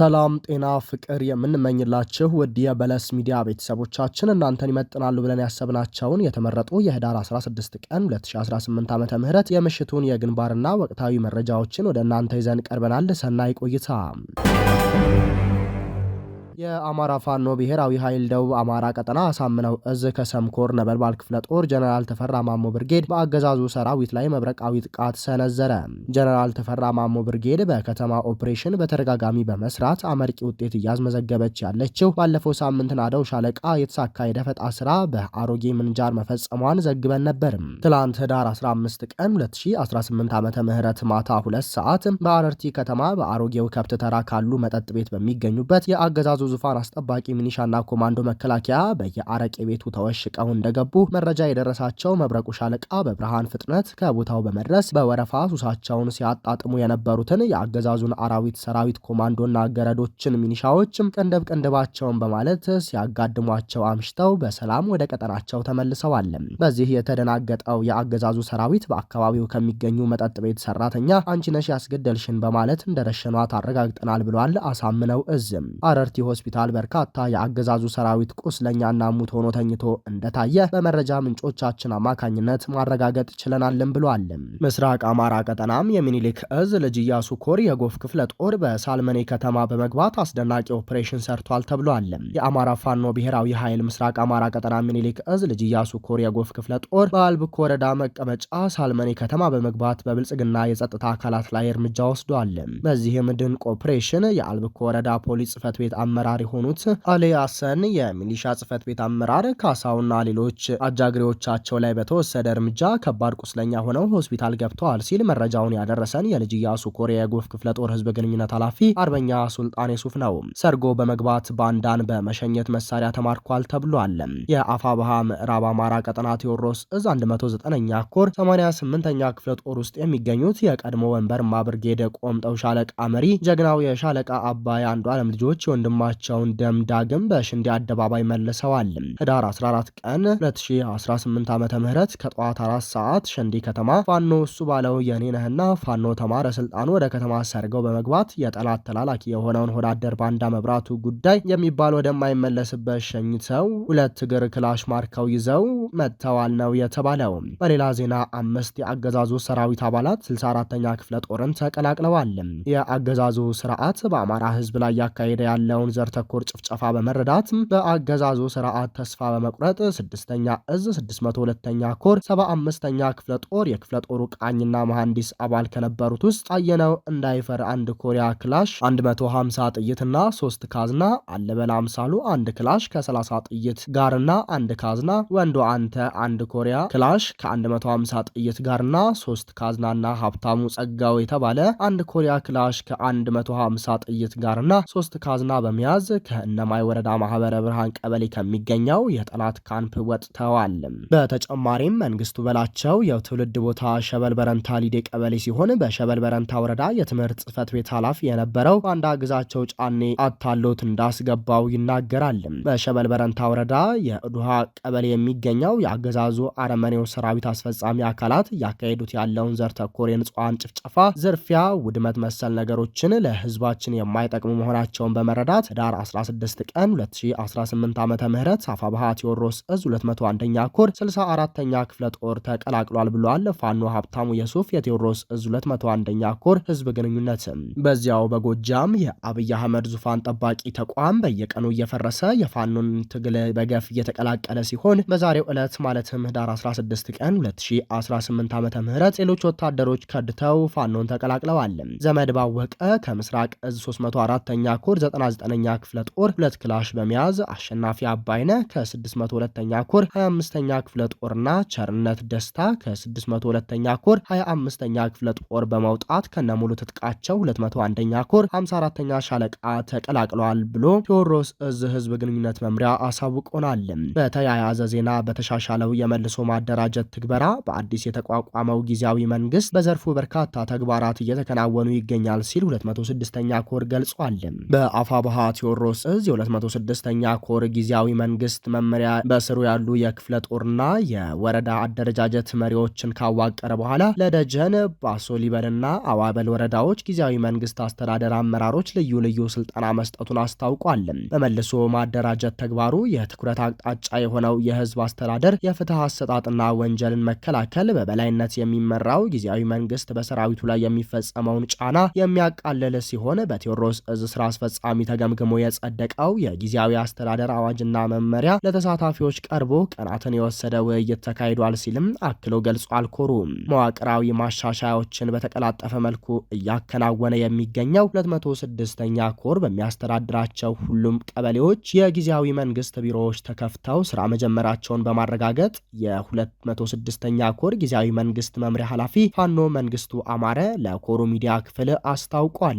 ሰላም ጤና ፍቅር የምንመኝላችሁ ውድ የበለስ ሚዲያ ቤተሰቦቻችን እናንተን ይመጥናሉ ብለን ያሰብናቸውን የተመረጡ የህዳር 16 ቀን 2018 ዓ ም የምሽቱን የግንባርና ወቅታዊ መረጃዎችን ወደ እናንተ ይዘን ቀርበናል። ሰናይ ቆይታ የአማራ ፋኖ ብሔራዊ ኃይል ደቡብ አማራ ቀጠና አሳምነው እዝ ከሰምኮር ነበልባል ክፍለ ጦር ጀነራል ተፈራ ማሞ ብርጌድ በአገዛዙ ሰራዊት ላይ መብረቃዊ ጥቃት ሰነዘረ። ጀነራል ተፈራ ማሞ ብርጌድ በከተማ ኦፕሬሽን በተደጋጋሚ በመስራት አመርቂ ውጤት እያስመዘገበች ያለችው ባለፈው ሳምንት ናደው ሻለቃ የተሳካ የደፈጣ ስራ በአሮጌ ምንጃር መፈጸሟን ዘግበን ነበር። ትላንት ህዳር 15 ቀን 2018 ዓመተ ምህረት ማታ ሁለት ሰዓት በአረርቲ ከተማ በአሮጌው ከብት ተራ ካሉ መጠጥ ቤት በሚገኙበት የአገዛዙ ዙፋን አስጠባቂ ሚኒሻና ኮማንዶ መከላከያ በየአረቄ ቤቱ ተወሽቀው እንደገቡ መረጃ የደረሳቸው መብረቁ ሻለቃ በብርሃን ፍጥነት ከቦታው በመድረስ በወረፋ ሱሳቸውን ሲያጣጥሙ የነበሩትን የአገዛዙን አራዊት ሰራዊት ኮማንዶና ገረዶችን ሚኒሻዎችም ቀንደብ ቀንደባቸውን በማለት ሲያጋድሟቸው አምሽተው በሰላም ወደ ቀጠናቸው ተመልሰዋል። በዚህ የተደናገጠው የአገዛዙ ሰራዊት በአካባቢው ከሚገኙ መጠጥ ቤት ሰራተኛ አንቺነሽ ያስገደልሽን በማለት እንደረሸኗት አረጋግጠናል ብሏል። አሳምነው እዝም አረርቲ ሆስፒታል በርካታ የአገዛዙ ሰራዊት ቁስለኛና ሙት ሆኖ ተኝቶ እንደታየ በመረጃ ምንጮቻችን አማካኝነት ማረጋገጥ ችለናልን ብሏል። ምስራቅ አማራ ቀጠናም የሚኒሊክ እዝ ልጅ ኢያሱ ኮር የጎፍ ክፍለ ጦር በሳልመኔ ከተማ በመግባት አስደናቂ ኦፕሬሽን ሰርቷል ተብሏል። የአማራ ፋኖ ብሔራዊ ኃይል ምስራቅ አማራ ቀጠና ሚኒሊክ እዝ ልጅ ኢያሱ ኮር የጎፍ ክፍለ ጦር በአልብኮ ወረዳ መቀመጫ ሳልመኔ ከተማ በመግባት በብልጽግና የጸጥታ አካላት ላይ እርምጃ ወስዷል። በዚህም ድንቅ ኦፕሬሽን የአልብኮ ወረዳ ፖሊስ ጽፈት ቤት አመ አመራር የሆኑት አሊ አሰን የሚሊሻ ጽህፈት ቤት አመራር ካሳውና ሌሎች አጃግሬዎቻቸው ላይ በተወሰደ እርምጃ ከባድ ቁስለኛ ሆነው ሆስፒታል ገብተዋል ሲል መረጃውን ያደረሰን የልጅ ኢያሱ ኮሪያ የጎፍ ክፍለ ጦር ህዝብ ግንኙነት ኃላፊ አርበኛ ሱልጣን የሱፍ ነው። ሰርጎ በመግባት ባንዳን በመሸኘት መሳሪያ ተማርኳል ተብሏል። የአፋብሃ ምዕራብ አማራ ቀጠና ቴዎድሮስ እዝ 109ኛ ኮር 88ኛ ክፍለ ጦር ውስጥ የሚገኙት የቀድሞ ወንበር ማብርጌደ ቆምጠው ሻለቃ መሪ ጀግናው የሻለቃ አባይ አንዱ ዓለም ልጆች የወንድማ ያደረጓቸውን ደም ዳግም በሽንዲ አደባባይ መልሰዋል። ህዳር 14 ቀን 2018 ዓ ም ከጠዋት አራት ሰዓት ሸንዲ ከተማ ፋኖ እሱ ባለው የኔነህና ፋኖ ተማረ ስልጣኑ ወደ ከተማ ሰርገው በመግባት የጠላት ተላላኪ የሆነውን ሆዳደር ባንዳ መብራቱ ጉዳይ የሚባል ወደማይመለስበት ሸኝተው ሁለት እግር ክላሽ ማርከው ይዘው መጥተዋል ነው የተባለው። በሌላ ዜና አምስት የአገዛዙ ሰራዊት አባላት 64ኛ ክፍለ ጦርን ተቀላቅለዋል። የአገዛዙ ስርዓት በአማራ ህዝብ ላይ ያካሄደ ያለውን ዘር ተኮር ጭፍጨፋ በመረዳት በአገዛዙ ስርዓት ተስፋ በመቁረጥ ስድስተኛ እዝ 602ኛ ኮር 75ኛ ክፍለ ጦር የክፍለ ጦሩ ቃኝና መሐንዲስ አባል ከነበሩት ውስጥ አየነው እንዳይፈር አንድ ኮሪያ ክላሽ 150 ጥይትና 3 ካዝና አለበላ አምሳሉ አንድ ክላሽ ከ30 ጥይት ጋርና አንድ ካዝና ወንዶ አንተ አንድ ኮሪያ ክላሽ ከ150 ጥይት ጋርና 3 ካዝናና ሀብታሙ ጸጋው የተባለ አንድ ኮሪያ ክላሽ ከ150 ጥይት ጋርና 3 ካዝና በሚያ በመያዝ ከእነማይ ወረዳ ማህበረ ብርሃን ቀበሌ ከሚገኘው የጠላት ካምፕ ወጥተዋል። በተጨማሪም መንግስቱ በላቸው የትውልድ ቦታ ሸበል በረንታ ሊዴ ቀበሌ ሲሆን በሸበል በረንታ ወረዳ የትምህርት ጽህፈት ቤት ኃላፊ የነበረው ባንዳ ግዛቸው ጫኔ አታሎት እንዳስገባው ይናገራል። በሸበል በረንታ ወረዳ የዱሃ ቀበሌ የሚገኘው የአገዛዙ አረመኔው ሰራዊት አስፈጻሚ አካላት እያካሄዱት ያለውን ዘር ተኮር የንጹሐን ጭፍጨፋ፣ ዝርፊያ፣ ውድመት መሰል ነገሮችን ለህዝባችን የማይጠቅሙ መሆናቸውን በመረዳት ህዳር 16 ቀን 2018 ዓ ም ሳፋ ባሃ ቴዎድሮስ እዝ 201ኛ ኮር 64 ተኛ ክፍለ ጦር ተቀላቅሏል ብለዋል ፋኖ ሀብታሙ የሱፍ የቴዎድሮስ እዝ 201ኛ ኮር ህዝብ ግንኙነት። በዚያው በጎጃም የአብይ አህመድ ዙፋን ጠባቂ ተቋም በየቀኑ እየፈረሰ የፋኖን ትግል በገፍ እየተቀላቀለ ሲሆን በዛሬው ዕለት ማለትም ህዳር 16 ቀን 2018 ዓ ም ሌሎች ወታደሮች ከድተው ፋኖን ተቀላቅለዋል። ዘመድ ባወቀ ከምስራቅ እዝ 304ኛ ኮር 99 22ኛ ክፍለ ጦር ሁለት ክላሽ በመያዝ አሸናፊ አባይነ ከ602ኛ ኮር 25ኛ ክፍለ ጦርና ቸርነት ደስታ ከ602ኛ ኮር 25ኛ ክፍለ ጦር በመውጣት ከነሙሉ ትጥቃቸው 201ኛ ኮር 54ኛ ሻለቃ ተቀላቅለዋል ብሎ ቴዎድሮስ እዝ ህዝብ ግንኙነት መምሪያ አሳውቆናል። በተያያዘ ዜና በተሻሻለው የመልሶ ማደራጀት ትግበራ በአዲስ የተቋቋመው ጊዜያዊ መንግስት በዘርፉ በርካታ ተግባራት እየተከናወኑ ይገኛል ሲል 206ኛ ኮር ገልጿል። በአፋ ባሃ ቴዎድሮስ እዝ የ206ኛ ኮር ጊዜያዊ መንግስት መመሪያ በስሩ ያሉ የክፍለ ጦርና የወረዳ አደረጃጀት መሪዎችን ካዋቀረ በኋላ ለደጀን ባሶ ሊበንና አዋበል ወረዳዎች ጊዜያዊ መንግስት አስተዳደር አመራሮች ልዩ ልዩ ስልጠና መስጠቱን አስታውቋል። በመልሶ ማደራጀት ተግባሩ የትኩረት አቅጣጫ የሆነው የህዝብ አስተዳደር የፍትህ አሰጣጥና ወንጀልን መከላከል በበላይነት የሚመራው ጊዜያዊ መንግስት በሰራዊቱ ላይ የሚፈጸመውን ጫና የሚያቃልል ሲሆን በቴዎድሮስ እዝ ስራ አስፈጻሚ ተገምግሞ ደግሞ የጸደቀው የጊዜያዊ አስተዳደር አዋጅና መመሪያ ለተሳታፊዎች ቀርቦ ቀናትን የወሰደ ውይይት ተካሂዷል ሲልም አክሎ ገልጿል። ኮሩ መዋቅራዊ ማሻሻያዎችን በተቀላጠፈ መልኩ እያከናወነ የሚገኘው 206ኛ ኮር በሚያስተዳድራቸው ሁሉም ቀበሌዎች የጊዜያዊ መንግስት ቢሮዎች ተከፍተው ስራ መጀመራቸውን በማረጋገጥ የ206ኛ ኮር ጊዜያዊ መንግስት መምሪያ ኃላፊ ፋኖ መንግስቱ አማረ ለኮሩ ሚዲያ ክፍል አስታውቋል።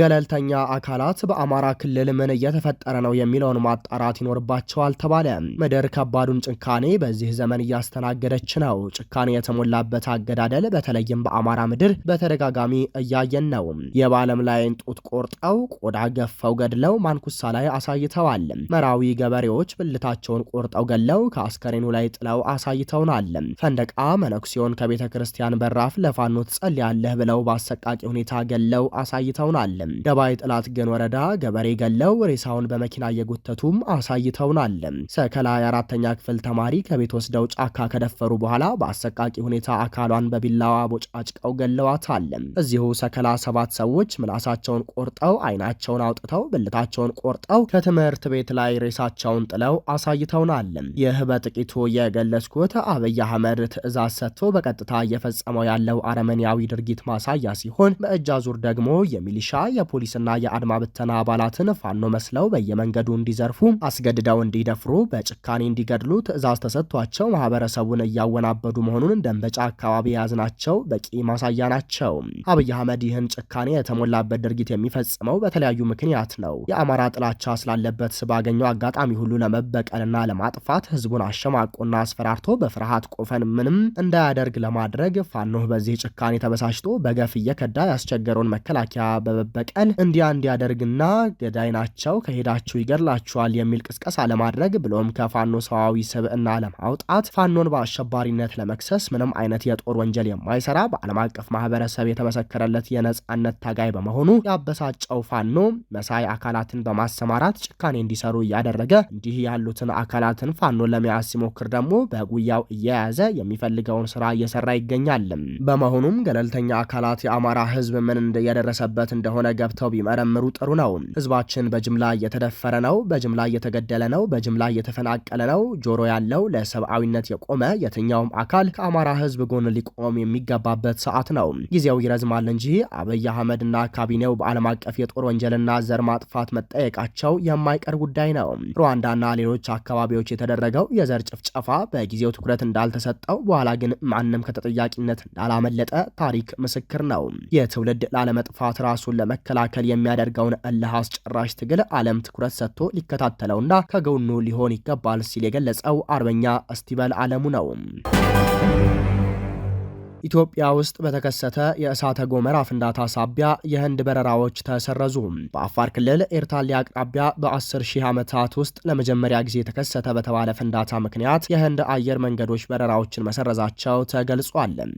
ገለልተኛ አካላት በአማራ ክልል ምን እየተፈጠረ ነው የሚለውን ማጣራት ይኖርባቸዋል ተባለ። ምድር ከባዱን ጭካኔ በዚህ ዘመን እያስተናገደች ነው። ጭካኔ የተሞላበት አገዳደል በተለይም በአማራ ምድር በተደጋጋሚ እያየን ነው። የባለም ላይን ጡት ቆርጠው ቆዳ ገፈው ገድለው ማንኩሳ ላይ አሳይተዋል። መራዊ ገበሬዎች ብልታቸውን ቆርጠው ገለው ከአስከሬኑ ላይ ጥለው አሳይተውናል። ፈንደቃ መነኩሴውን ከቤተ ክርስቲያን በራፍ ለፋኖ ትጸልያለህ ብለው በአሰቃቂ ሁኔታ ገለው አሳይተውናል። ደባይ ጥላት ግን ወረዳ ገበሬ ገለው ሬሳውን በመኪና እየጎተቱም አሳይተውናል። ሰከላ የአራተኛ ክፍል ተማሪ ከቤት ወስደው ጫካ ከደፈሩ በኋላ በአሰቃቂ ሁኔታ አካሏን በቢላዋ ቦጫጭቀው ገለዋታል። እዚሁ ሰከላ ሰባት ሰዎች ምላሳቸውን ቆርጠው አይናቸውን አውጥተው ብልታቸውን ቆርጠው ከትምህርት ቤት ላይ ሬሳቸውን ጥለው አሳይተውናል። ይህ በጥቂቱ የገለጽኩት አብይ አህመድ ትዕዛዝ ሰጥቶ በቀጥታ እየፈጸመው ያለው አረመኔያዊ ድርጊት ማሳያ ሲሆን በእጅ አዙር ደግሞ የሚሊሻ የፖሊስና የአድማ ብተና አባላትን ፋኖ መስለው በየመንገዱ እንዲዘርፉ አስገድደው እንዲደፍሩ በጭካኔ እንዲገድሉ ትዕዛዝ ተሰጥቷቸው ማህበረሰቡን እያወናበዱ መሆኑን ደንበጫ አካባቢ የያዝናቸው በቂ ማሳያ ናቸው። አብይ አህመድ ይህን ጭካኔ የተሞላበት ድርጊት የሚፈጽመው በተለያዩ ምክንያት ነው። የአማራ ጥላቻ ስላለበት ስባገኘው አጋጣሚ ሁሉ ለመበቀልና ለማጥፋት ህዝቡን አሸማቆና አስፈራርቶ በፍርሃት ቆፈን ምንም እንዳያደርግ ለማድረግ ፋኖ በዚህ ጭካኔ ተበሳሽቶ በገፍ እየከዳ ያስቸገረውን መከላከያ በበበ በቀል እንዲያ እንዲያደርግና ገዳይ ናቸው ከሄዳችሁ ይገድላችኋል የሚል ቅስቀሳ ለማድረግ ብሎም ከፋኖ ሰዋዊ ስብዕና ለማውጣት ፋኖን በአሸባሪነት ለመክሰስ ምንም አይነት የጦር ወንጀል የማይሰራ በዓለም አቀፍ ማህበረሰብ የተመሰከረለት የነጻነት ታጋይ በመሆኑ ያበሳጨው ፋኖ መሳይ አካላትን በማሰማራት ጭካኔ እንዲሰሩ እያደረገ እንዲህ ያሉትን አካላትን ፋኖን ለመያዝ ሲሞክር ደግሞ በጉያው እየያዘ የሚፈልገውን ስራ እየሰራ ይገኛል። በመሆኑም ገለልተኛ አካላት የአማራ ህዝብ ምን እየደረሰበት እንደሆነ ገብተው ቢመረምሩ ጥሩ ነው። ህዝባችን በጅምላ እየተደፈረ ነው፣ በጅምላ እየተገደለ ነው፣ በጅምላ እየተፈናቀለ ነው። ጆሮ ያለው ለሰብአዊነት የቆመ የትኛውም አካል ከአማራ ህዝብ ጎን ሊቆም የሚገባበት ሰዓት ነው። ጊዜው ይረዝማል እንጂ አብይ አህመድና ካቢኔው በዓለም አቀፍ የጦር ወንጀልና ዘር ማጥፋት መጠየቃቸው የማይቀር ጉዳይ ነው። ሩዋንዳና ሌሎች አካባቢዎች የተደረገው የዘር ጭፍጨፋ በጊዜው ትኩረት እንዳልተሰጠው፣ በኋላ ግን ማንም ከተጠያቂነት እንዳላመለጠ ታሪክ ምስክር ነው። የትውልድ ላለመጥፋት ራሱን ለመ ለመከላከል የሚያደርገውን እልህ አስጨራሽ ትግል ዓለም ትኩረት ሰጥቶ ሊከታተለውና ከጎኑ ሊሆን ይገባል ሲል የገለጸው አርበኛ እስቲበል አለሙ ነው። ኢትዮጵያ ውስጥ በተከሰተ የእሳተ ጎመራ ፍንዳታ ሳቢያ የህንድ በረራዎች ተሰረዙ። በአፋር ክልል ኤርታሌ አቅራቢያ በ10 ሺህ ዓመታት ውስጥ ለመጀመሪያ ጊዜ ተከሰተ በተባለ ፍንዳታ ምክንያት የህንድ አየር መንገዶች በረራዎችን መሰረዛቸው ተገልጿል።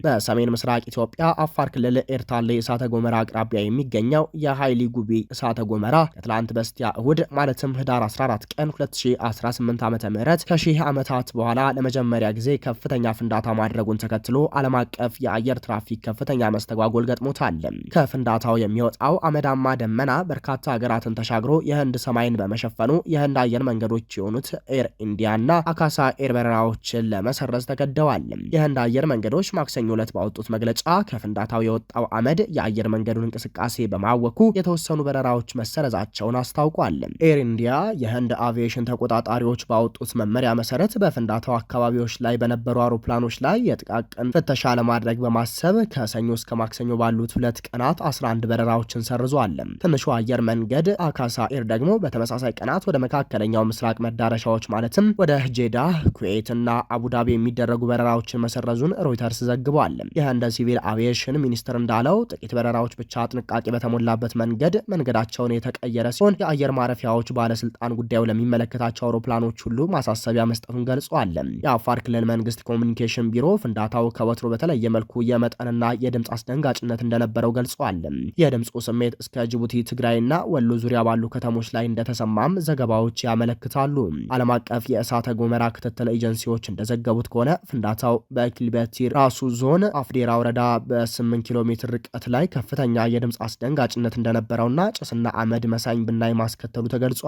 በሰሜን ምስራቅ ኢትዮጵያ አፋር ክልል ኤርታሌ እሳተ ጎመራ አቅራቢያ የሚገኘው የሀይሊ ጉቢ እሳተ ጎመራ ከትላንት በስቲያ እሁድ ማለትም ህዳር 14 ቀን 2018 ዓ ም ከሺህ ዓመታት በኋላ ለመጀመሪያ ጊዜ ከፍተኛ ፍንዳታ ማድረጉን ተከትሎ ዓለም አቀፍ አቀፍ የአየር ትራፊክ ከፍተኛ መስተጓጎል ገጥሞታል። ከፍንዳታው የሚወጣው አመዳማ ደመና በርካታ ሀገራትን ተሻግሮ የህንድ ሰማይን በመሸፈኑ የህንድ አየር መንገዶች የሆኑት ኤር ኢንዲያና አካሳ ኤር በረራዎችን ለመሰረዝ ተገደዋል። የህንድ አየር መንገዶች ማክሰኞ ዕለት ባወጡት መግለጫ ከፍንዳታው የወጣው አመድ የአየር መንገዱን እንቅስቃሴ በማወኩ የተወሰኑ በረራዎች መሰረዛቸውን አስታውቋል። ኤር ኢንዲያ የህንድ አቪዬሽን ተቆጣጣሪዎች ባወጡት መመሪያ መሰረት በፍንዳታው አካባቢዎች ላይ በነበሩ አውሮፕላኖች ላይ የጥቃቅን ፍተሻ ለማድረግ ለማድረግ በማሰብ ከሰኞ እስከ ማክሰኞ ባሉት ሁለት ቀናት 11 በረራዎችን ሰርዟል። ትንሹ አየር መንገድ አካሳ ኤር ደግሞ በተመሳሳይ ቀናት ወደ መካከለኛው ምስራቅ መዳረሻዎች ማለትም ወደ ጄዳ፣ ኩዌት እና አቡዳቢ የሚደረጉ በረራዎችን መሰረዙን ሮይተርስ ዘግቧል። ይህ እንደ ሲቪል አቪዬሽን ሚኒስቴር እንዳለው ጥቂት በረራዎች ብቻ ጥንቃቄ በተሞላበት መንገድ መንገዳቸውን የተቀየረ ሲሆን የአየር ማረፊያዎች ባለስልጣን ጉዳዩ ለሚመለከታቸው አውሮፕላኖች ሁሉ ማሳሰቢያ መስጠቱን ገልጿል። የአፋር ክልል መንግስት ኮሚኒኬሽን ቢሮ ፍንዳታው ከወትሮ በተለየ መልኩ የመጠንና የድምፅ አስደንጋጭነት እንደነበረው ገልጸዋል። የድምፁ ስሜት እስከ ጅቡቲ፣ ትግራይና ወሎ ዙሪያ ባሉ ከተሞች ላይ እንደተሰማም ዘገባዎች ያመለክታሉ። ዓለም አቀፍ የእሳተ ጎመራ ክትትል ኤጀንሲዎች እንደዘገቡት ከሆነ ፍንዳታው በኪልቤቲር ራሱ ዞን አፍዴራ ወረዳ በ8 ኪሎ ሜትር ርቀት ላይ ከፍተኛ የድምፅ አስደንጋጭነት እንደነበረውና ጭስና አመድ መሳኝ ብናይ ማስከተሉ ተገልጿል።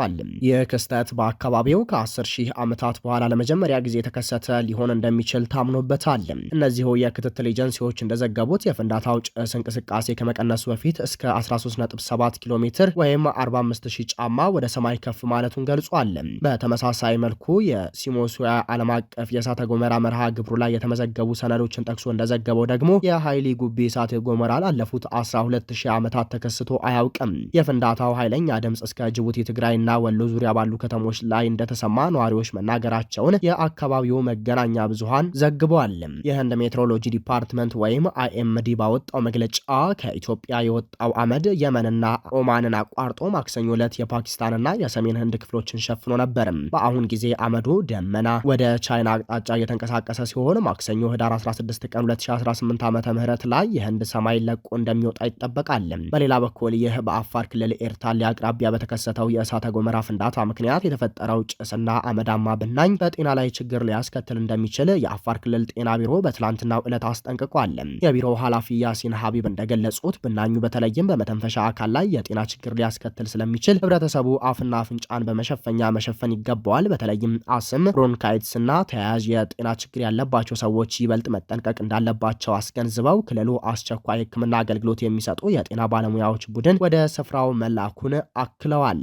ይህ ክስተት በአካባቢው ከ10 ሺህ ዓመታት በኋላ ለመጀመሪያ ጊዜ የተከሰተ ሊሆን እንደሚችል ታምኖበታል። እነዚሁ የክትትል ኤጀንሲዎች እንደዘገቡት የፍንዳታው ጭስ እንቅስቃሴ ከመቀነሱ በፊት እስከ 137 ኪሎ ሜትር ወይም 45 ጫማ ወደ ሰማይ ከፍ ማለቱን ገልጿል። በተመሳሳይ መልኩ የሲሞሱያ ዓለም አቀፍ የእሳተ ገሞራ መርሃ ግብሩ ላይ የተመዘገቡ ሰነዶችን ጠቅሶ እንደዘገበው ደግሞ የኃይሊ ጉቢ እሳተ ገሞራ ላለፉት 120 ዓመታት ተከስቶ አያውቅም። የፍንዳታው ኃይለኛ ድምፅ እስከ ጅቡቲ፣ ትግራይና ወሎ ዙሪያ ባሉ ከተሞች ላይ እንደተሰማ ነዋሪዎች መናገራቸውን የአካባቢው መገናኛ ብዙሃን ዘግበዋል። የህንድ ሜትሮሎጂ ዲፓ ዲፓርትመንት ወይም አይኤምዲ ባወጣው መግለጫ ከኢትዮጵያ የወጣው አመድ የመንና ኦማንን አቋርጦ ማክሰኞ ዕለት የፓኪስታንና የሰሜን ህንድ ክፍሎችን ሸፍኖ ነበር። በአሁን ጊዜ አመዱ ደመና ወደ ቻይና አቅጣጫ እየተንቀሳቀሰ ሲሆን ማክሰኞ ህዳር 16 ቀን 2018 ዓ ም ላይ የህንድ ሰማይ ለቆ እንደሚወጣ ይጠበቃል። በሌላ በኩል ይህ በአፋር ክልል ኤርታሌ አቅራቢያ በተከሰተው የእሳተ ጎመራ ፍንዳታ ምክንያት የተፈጠረው ጭስና አመዳማ ብናኝ በጤና ላይ ችግር ሊያስከትል እንደሚችል የአፋር ክልል ጤና ቢሮ በትላንትናው ዕለት አስጠንቅቋል። የቢሮው ኃላፊ ያሲን ሀቢብ እንደገለጹት ብናኙ በተለይም በመተንፈሻ አካል ላይ የጤና ችግር ሊያስከትል ስለሚችል ህብረተሰቡ አፍና አፍንጫን በመሸፈኛ መሸፈን ይገባዋል። በተለይም አስም፣ ብሮንካይትስ እና ተያያዥ የጤና ችግር ያለባቸው ሰዎች ይበልጥ መጠንቀቅ እንዳለባቸው አስገንዝበው ክልሉ አስቸኳይ ሕክምና አገልግሎት የሚሰጡ የጤና ባለሙያዎች ቡድን ወደ ስፍራው መላኩን አክለዋል።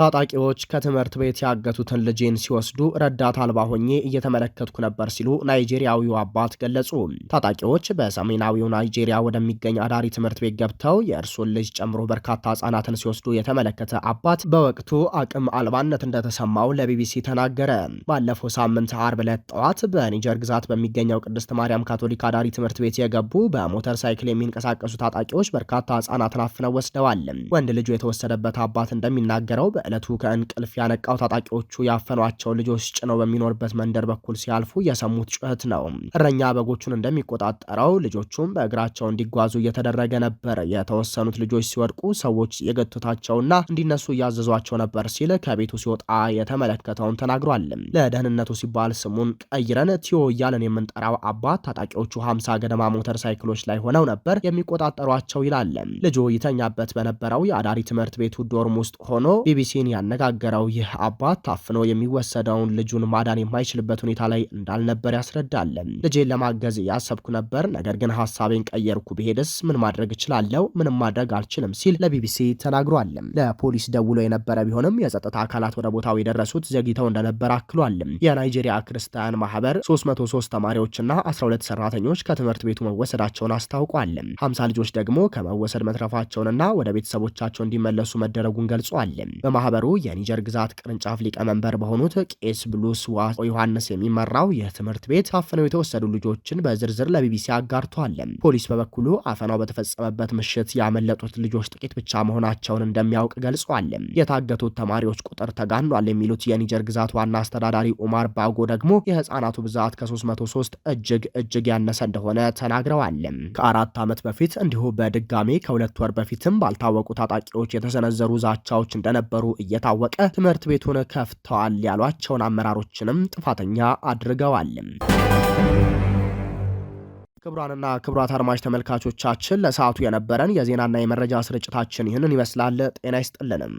ታጣቂዎች ከትምህርት ቤት ያገቱትን ልጄን ሲወስዱ ረዳት አልባ ሆኜ እየተመለከትኩ ነበር ሲሉ ናይጄሪያዊው አባት ገለጹ። ታጣቂዎች በሰሜናዊው ናይጄሪያ ወደሚገኝ አዳሪ ትምህርት ቤት ገብተው የእርሱን ልጅ ጨምሮ በርካታ ህጻናትን ሲወስዱ የተመለከተ አባት በወቅቱ አቅም አልባነት እንደተሰማው ለቢቢሲ ተናገረ። ባለፈው ሳምንት አርብ ዕለት ጠዋት በኒጀር ግዛት በሚገኘው ቅድስት ማርያም ካቶሊክ አዳሪ ትምህርት ቤት የገቡ በሞተር ሳይክል የሚንቀሳቀሱ ታጣቂዎች በርካታ ህጻናትን አፍነው ወስደዋል። ወንድ ልጁ የተወሰደበት አባት እንደሚናገረው በዕለቱ ከእንቅልፍ ያነቃው ታጣቂዎቹ ያፈኗቸው ልጆች ጭነው በሚኖርበት መንደር በኩል ሲያልፉ የሰሙት ጩኸት ነው። እረኛ በጎቹን እንደሚቆጣጠረው ልጆቹም በእግራቸው እንዲጓዙ እየተደረገ ነበር። የተወሰኑት ልጆች ሲወድቁ ሰዎች የገቱታቸውና እንዲነሱ እያዘዟቸው ነበር ሲል ከቤቱ ሲወጣ የተመለከተውን ተናግሯል። ለደህንነቱ ሲባል ስሙን ቀይረን ቲዮ እያለን የምንጠራው አባት ታጣቂዎቹ ሀምሳ ገደማ ሞተር ሳይክሎች ላይ ሆነው ነበር የሚቆጣጠሯቸው ይላል። ልጁ ይተኛበት በነበረው የአዳሪ ትምህርት ቤቱ ዶርም ውስጥ ሆኖ ቢቢሲ ቢቢሲን ያነጋገረው ይህ አባት ታፍኖ የሚወሰደውን ልጁን ማዳን የማይችልበት ሁኔታ ላይ እንዳልነበር ያስረዳል። ልጄን ለማገዝ ያሰብኩ ነበር፣ ነገር ግን ሀሳቤን ቀየርኩ። ብሄድስ ምን ማድረግ እችላለሁ? ምንም ማድረግ አልችልም ሲል ለቢቢሲ ተናግሯል። ለፖሊስ ደውሎ የነበረ ቢሆንም የጸጥታ አካላት ወደ ቦታው የደረሱት ዘግይተው እንደነበር አክሏል። የናይጄሪያ ክርስቲያን ማህበር 303 ተማሪዎችና 12 ሰራተኞች ከትምህርት ቤቱ መወሰዳቸውን አስታውቋል። 50 ልጆች ደግሞ ከመወሰድ መትረፋቸውንና ወደ ቤተሰቦቻቸው እንዲመለሱ መደረጉን ገልጿል። ማህበሩ የኒጀር ግዛት ቅርንጫፍ ሊቀመንበር በሆኑት ቄስ ብሉስ ዋ ዮሐንስ የሚመራው የትምህርት ትምህርት ቤት ታፍነው የተወሰዱ ልጆችን በዝርዝር ለቢቢሲ አጋርቷል። ፖሊስ በበኩሉ አፈናው በተፈጸመበት ምሽት ያመለጡት ልጆች ጥቂት ብቻ መሆናቸውን እንደሚያውቅ ገልጿል። የታገቱት ተማሪዎች ቁጥር ተጋኗል የሚሉት የኒጀር ግዛት ዋና አስተዳዳሪ ኡማር ባጎ ደግሞ የህፃናቱ ብዛት ከ303 እጅግ እጅግ ያነሰ እንደሆነ ተናግረዋል። ከአራት ዓመት በፊት እንዲሁ በድጋሜ ከሁለት ወር በፊትም ባልታወቁ ታጣቂዎች የተሰነዘሩ ዛቻዎች እንደነበሩ እየታወቀ ትምህርት ቤቱን ከፍተዋል ያሏቸውን አመራሮችንም ጥፋተኛ አድርገዋል። ክቡራንና ክቡራት አድማጭ ተመልካቾቻችን ለሰዓቱ የነበረን የዜናና የመረጃ ስርጭታችን ይህንን ይመስላል። ጤና ይስጥልንም።